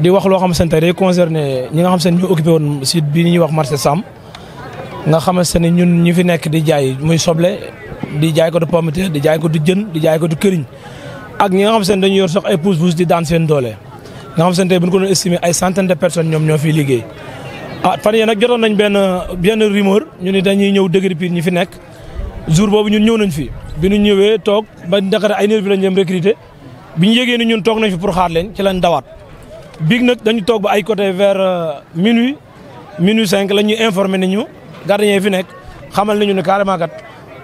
di wax loo xam ne day concerné ñi nga xam ne ñu occupé woon site bii ñu wax marché Sam nga xamante ne ñun ñi fi nekk di jaay muy soble di jaay ko du pomme di jaay ko di jën di jaay ko du këriñ ak ñi nga xam ne dañu yor sax ay pousse pousse di daan seen doole nga xam ne bu ñu ko doon estimé ay centaine de personnes ñoom ñoo fiy liggéey. a ah fan yii nag jotoon nañ benn benn rumeur ñu ni dañuy ñëw déguerpir ñi fi nekk jour boobu ñun ñëw nañ fi bi ñu ñëwee toog ba Dakar ay nervi lañ dem recruter bi ñu yëgee ni ñun toog nañ fi pour xaar leen ci lañ dawaat. biig nag dañu toog ba ay côté ver euh, minuit minuit cinq la ñuy informé ni ñu gardien yi fi nekk xamal nañu ne carrément kat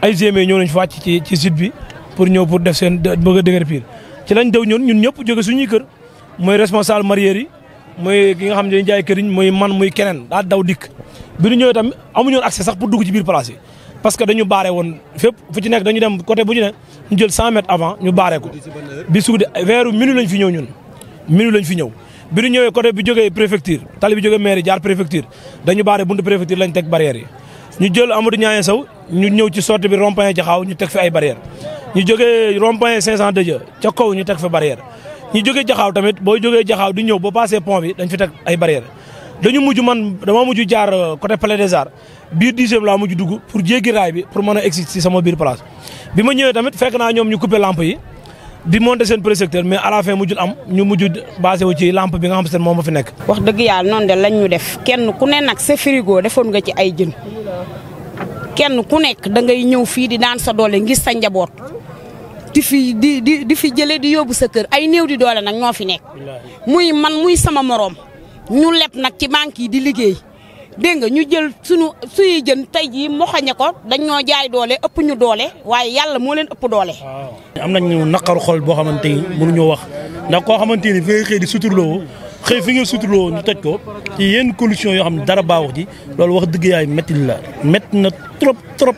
ay GMA ñëw nañu fa wàcc ci ci site bi pour ñëw pour def seen bëgg a dëgër ci lañ daw ñun ñun ñëpp jóge suñuy kër mooy responsable mareyeur yi mooy ki nga xam ne jaay këriñ muy man muy keneen daa daw dikk bi ñu ñëwee tam amuñu woon accès sax pour dugg ci biir place parce que dañu baare woon fépp fu ci nekk dañu dem côté bu ñu ne ñu jël 100 mètres avant ñu baare ko bi suudi weeru minuit lañ fi ñëw ñun minuit lañ fi ñëw bi ñu ñëwee côté bi jógee préfecture tali bi jógee mairie jaar préfecture dañu baare buntu préfecture lañ teg barrières yi ñu jël Amadou Niaye Sow ñu ñëw ci sortie bi rond-point Jaxaaw ñu teg fi ay barrières ñu jógee rond-point 500 dëjë ca kaw ñu teg fi barrière ñu jógee Jaxaaw tamit boo jógee Jaxaaw di ñëw boo passé pont bi dañ fi teg ay barrières dañu mujj man dama mujj jaar euh, côté Palais des Arts biir dixième laa mujj dugg pour jéggi raay bi pour mën a exit si sama biir place bi ma ñëwee tamit fekk naa ñoom ñu coupé lampe yi di monter seen projecteur mais à la fin mujjul am ñu mujj basé wu ci lampe bi nga xam seen moom ma fi nekk. wax dëgg yàlla noonu de lañ def kenn ku ne nag sa frigo defoon nga ci ay jën kenn ku nekk da ngay ñëw fii di daan sa doole ngir sa njaboot di fi di di di fi jëlee di yóbbu sa kër ay néew di doole nag ñoo fi nekk muy man muy sama moroom ñu leb nag ci banque yi di liggéey. dégg nga ñu jël sunu suñuy jën tey jii moxañe ko dañ ñoo jaay doole ëpp ñu doole waaye yàlla moo leen ëpp doole. am nañu naqar xol boo xamante ni ñoo wax ndax koo xamante ni fi ngay xëy di suturloo xëy fi nga suturloo ñu toj ko ci yenn conditions yoo xam ne dara baaxu ci loolu wax dëgg yaay métti la métti na trop trop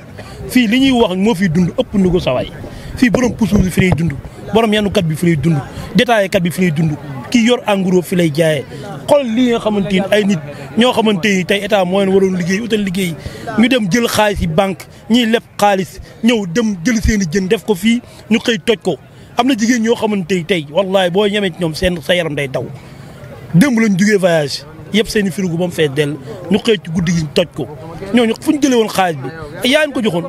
fii li ñuy wax moo fiy dund ëpp na ko sawaay fi borom pusu fi lay dund borom kat bi fi lay dund détaillé kat bi fi lay dund. ki yor engrais fi lay jaayee xool li nga xamante ni ay nit ñoo xamante ni tey état moo leen waroon liggéey utal liggéey ñu dem jël xaalis yi banque ñiy leb xaalis ñëw dem jël seen i jën def ko fi ñu xëy toj ko am na jigéen ñoo xamante ni tey wallahi boo ñemee ci ñoom seen sa yaram day daw démb lañ jugee voyage yëpp seen i firigu ba ñu xëy ci guddi gi toj ko ñooñu fu ñu jëlee woon xaalis bi yaa ngi ko joxoon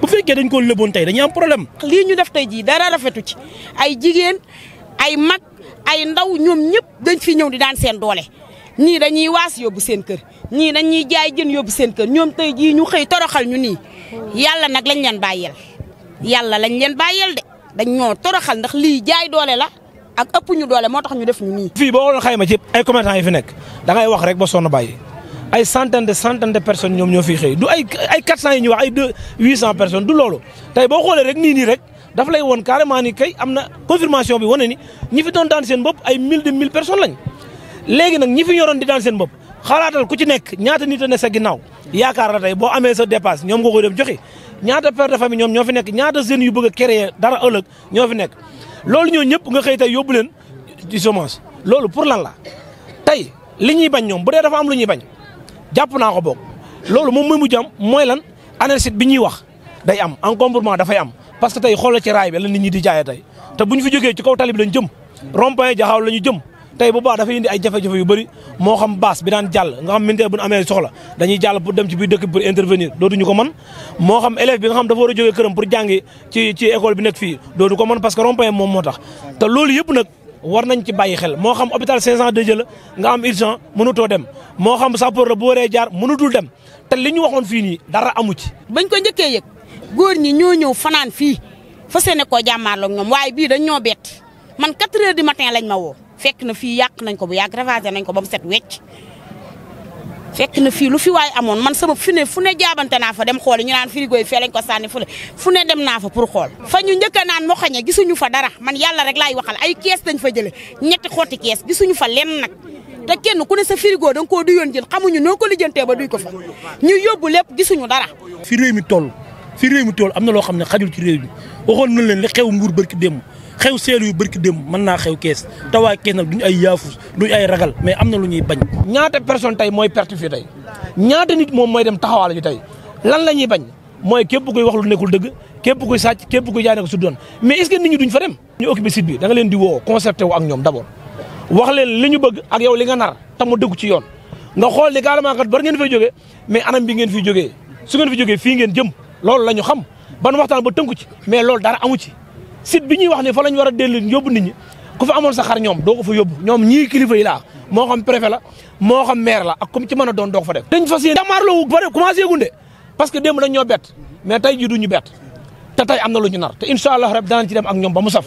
bu fekkee dañ ko leboon tey dañuy am problème. lii ñu def tey ay ndaw ñoom ñëpp dañ fi ñëw di daan seen doole ñii dañuy waas yóbbu seen kër ñii dañuy jaay jën yóbbu seen kër ñoom tey jii ñu xëy toroxal ñu nii yàlla nag lañ leen bàyyeel yàlla lañ leen bàyyeel de dañ ñoo toroxal ndax lii jaay doole la ak ëpp ñu doole moo tax ñu def ñu nii. fii boo waroon xayma ci ay commerçant yi fi nekk da ngay wax rek ba sonn bàyyi ay centaine de centaine de personnes ñoom ñoo fiy xëy du ay ay 400 yi ñu wax ay 2 800 personnes du loolu rek nii nii rek. daf lay woon carrément ni kay am na confirmation bi wane ni ñi fi doon daan seen bopp ay mille de mille personnes lañ léegi nag ñi fi yoroon di daan seen bopp xalaatal ku ci nekk ñaata nit a ne sa ginnaaw yaakaar la boo amee sa dépasse ñoom nga koy dem joxe ñaata père de famille ñoom ñoo fi nekk ñaata jeunes yu bëgg a créer dara ëllëg ñoo fi nekk loolu ñoo ñëpp nga xëy tey yóbbu leen di semence loolu pour lan la tey li ñuy bañ ñoom bu dee dafa am lu ñuy bañ jàpp naa ko boog loolu moom mooy mujj am mooy lan anarchie bi ñuy wax day am encombrement dafay am parce que tey xoolal ci raay bi la nit ñi di jaayee te bu ñu fi jógee ci kaw tali bi lañ jëm rond-point jaxaaw jëm tey bu baax dafa indi ay jafe-jafe yu bëri moo xam baas bi daan jàll nga xam militaire bu ñu amee soxla dañuy jàll pour dem ci biir dëkk pour intervenir dootuñu ko mën moo xam élève bi nga xam dafa war a jógee këram pour jàngi ci ci école bi nekk fii dootu ko mën parce que moom moo tax te loolu yëpp nag war nañ ci bàyyi xel moo xam hôpital 502 la nga am urgent mënutoo dem moo xam sapeur la bu waree jaar mënutul dem te li ñu waxoon fii nii dara amu ci bañ ko njëkkee yëg góor ñi ñoo ñëw fanaan fii fa seene koo jàmmaarloog ñoom waaye bii dañ ñoo bett man 4 di du matin lañ ma woo fekk na fii yàq nañ ko bu yàgg ravagé nañ ko boo mu set wecc fekk na fii lu fi waaye amoon man sama fu ne fu ne jaabante naa fa dem xool ñu naan frigo yi fee lañ ko sànni fu ne fu ne dem naa fa pour xool fa ñu njëkk a naan moo xañe gisuñu fa dara man yàlla rek laay waxal ay kees dañ fa jële ñetti xotti kees gisuñu fa lenn nag te kenn ku ne sa frigo da nga koo duyoon jël xamuñu noo ko lijjantee ba duy ko fa ñu yóbbu lépp gisuñu dara fi réew fi réew mi tool am na loo xam ne xajul ci réew mi waxoon nañ leen li xew mbuur bërki démb xew seelu yu bërki démb mën naa xew kees te waa kees nag duñu ay yaafus duñu ay ragal mais am na lu ñuy bañ ñaata personne tey mooy perte fii tey ñaata nit moom mooy dem taxawaale ji tey lan la ñuy bañ mooy képp kuy wax lu nekkul dëgg képp kuy sàcc képp kuy jaay ne ko su mais est ce nit ñi duñ fa dem ñu occupé site bi da nga leen di woo concerté wu ak ñoom d' abord ñu bëgg ak yow li nga nar te mu dëggu ci yoon nga xool ni carrément ngeen fay jógee mais anam bi ngeen fiy jógee su ngeen fi jógee fii ngeen jëm loolu la ñu xam ban waxtaan ba tënku ci mais loolu dara amu ci site bi ñuy wax ne fa la ñu a dellu yóbbu nit ñi ku fa amoon sa xar ñoom doo ko fa yóbbu ñoom ñii kilifa yi laa moo xam préfet la moo xam maire la ak comme ci mën a doon doo ko fa def dañ fas yéene jàmmaarloo bu bëri commencé gunde parce que démb dañ ñoo bett mais tey jii duñu bett te tey am na lu ñu nar te incha allah rab danañ ci dem ak ñoom ba mu saf